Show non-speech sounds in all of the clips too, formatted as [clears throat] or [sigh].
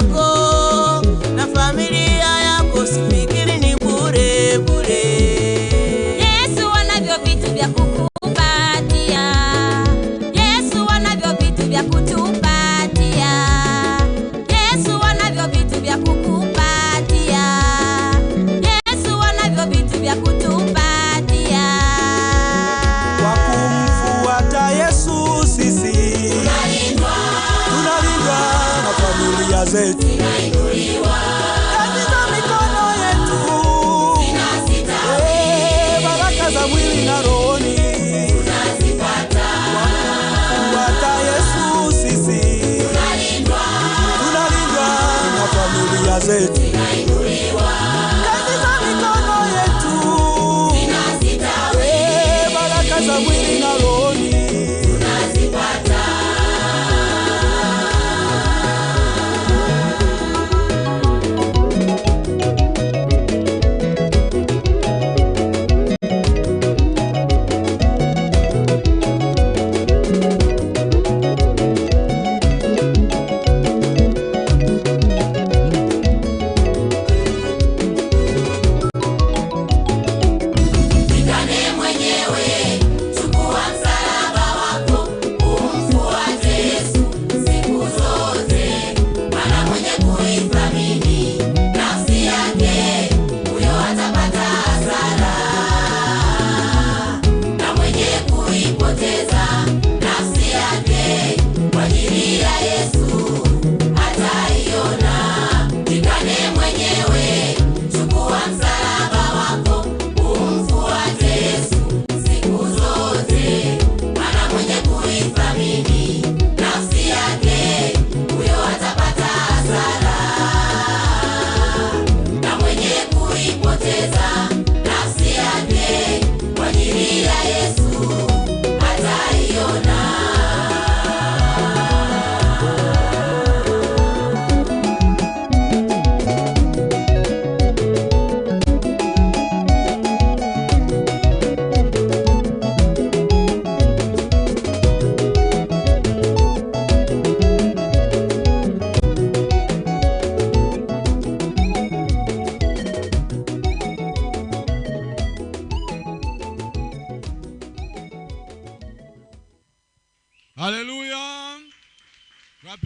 go. said.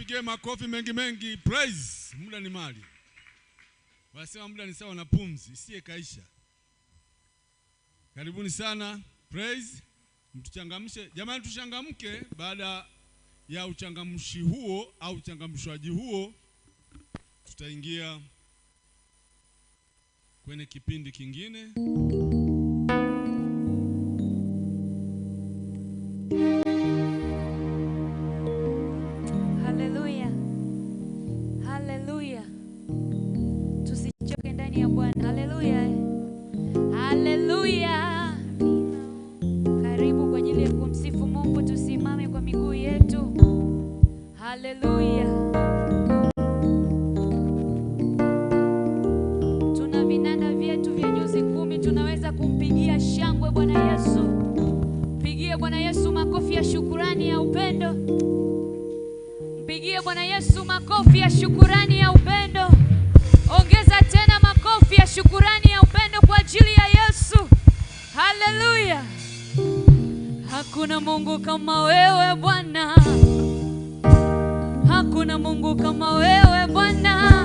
Mpigie makofi mengi mengi, praise. Muda ni mali, wasema muda ni sawa na pumzi isiye kaisha. Karibuni sana, praise. Mtuchangamshe jamani, tuchangamke baada ya uchangamshi huo au uchangamshwaji huo, tutaingia kwenye kipindi kingine. Aleluia. hakuna Mungu kama wewe Bwana.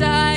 die.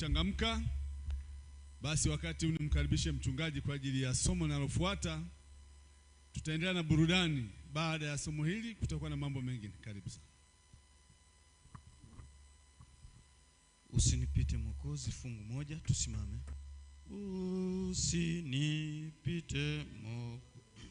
kuchangamka. Basi wakati huu nimkaribishe mchungaji kwa ajili ya somo linalofuata. Tutaendelea na burudani baada ya somo hili, kutakuwa na mambo mengine. Karibu sana. Usinipite Mwokozi, fungu moja, tusimame. Usinipite Mwokozi.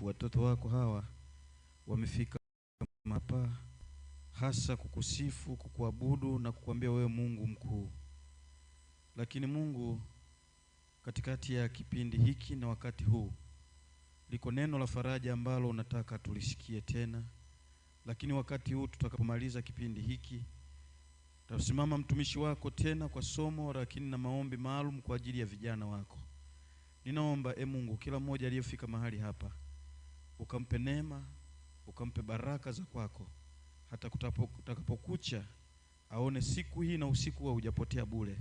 watoto wako hawa wamefika mapa hasa kukusifu, kukuabudu na kukuambia wewe Mungu mkuu. Lakini Mungu katikati ya kipindi hiki na wakati huu liko neno la faraja ambalo unataka tulisikie tena. Lakini wakati huu tutakapomaliza kipindi hiki, tasimama mtumishi wako tena kwa somo, lakini na maombi maalum kwa ajili ya vijana wako. Ninaomba e Mungu, kila mmoja aliyefika mahali hapa ukampe neema, ukampe baraka za kwako, hata kutakapokucha aone siku hii na usiku wa hujapotea bure.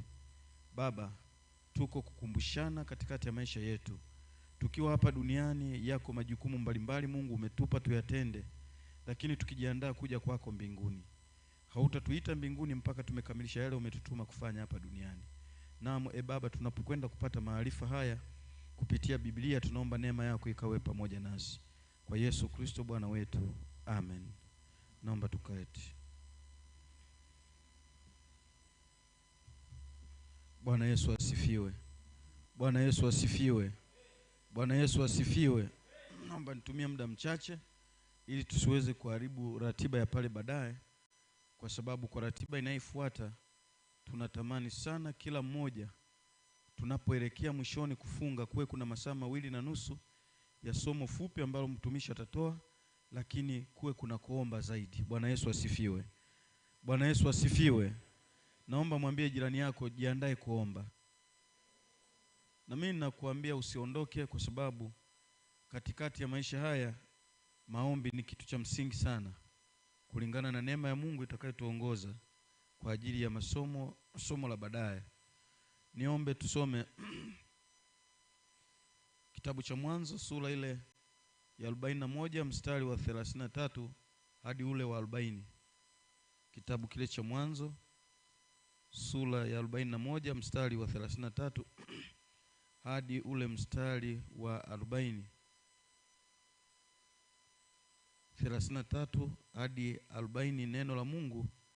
Baba, tuko kukumbushana katikati ya maisha yetu, tukiwa hapa duniani, yako majukumu mbalimbali Mungu umetupa tuyatende, lakini tukijiandaa kuja kwako mbinguni. Hautatuita mbinguni mpaka tumekamilisha yale umetutuma kufanya hapa duniani. Naam, e Baba, tunapokwenda kupata maarifa haya kupitia Biblia, tunaomba neema yako ikawe pamoja nasi kwa Yesu Kristo Bwana wetu, amen. Naomba tukaeti Bwana Yesu asifiwe. Bwana Yesu asifiwe. Bwana Yesu asifiwe. Naomba nitumie muda mchache ili tusiweze kuharibu ratiba ya pale baadaye, kwa sababu kwa ratiba inayofuata tunatamani sana kila mmoja tunapoelekea mwishoni kufunga kuwe kuna masaa mawili na nusu ya somo fupi ambalo mtumishi atatoa, lakini kuwe kuna kuomba zaidi. Bwana Yesu asifiwe! Bwana Yesu asifiwe! Naomba mwambie jirani yako, jiandae kuomba. Na mimi ninakuambia usiondoke, kwa sababu katikati ya maisha haya maombi ni kitu cha msingi sana, kulingana na neema ya Mungu itakayotuongoza kwa ajili ya masomo somo la baadaye. Niombe tusome [clears throat] kitabu cha Mwanzo sura ile ya 41 mstari wa 33 hadi ule wa 40. Kitabu kile cha Mwanzo sura ya 41 mstari wa 33 [clears throat] hadi ule mstari wa 40. 33 hadi 40, neno la Mungu